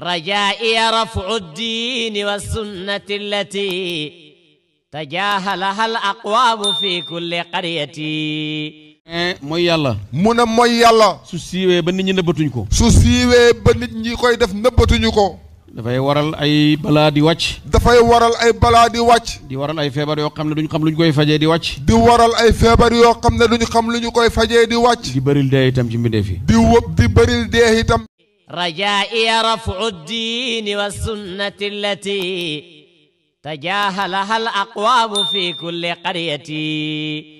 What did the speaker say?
رجائي رفع الدين والسنة التي تجاهلها الأقوام في كل قرية eh, mooy yàlla mu ne mooy yàlla su siiwee ba nit ñi nëbbatuñ ko su siiwee ba nit ñi koy def nëbbatuñu ko dafay waral ay balaa di wàcc dafay waral ay balaa di wàcc di waral ay feebar yoo xam ne duñ xam lu koy fajee di wàcc di waral ay feebar yoo xam ne duñ xam lu ñu koy fajee di wàcc di bëril dee itam ci mbindeef yi di wëb di bëril dee itam رجائي رفع الدين والسنة التي تجاهلها الأقوام في كل قرية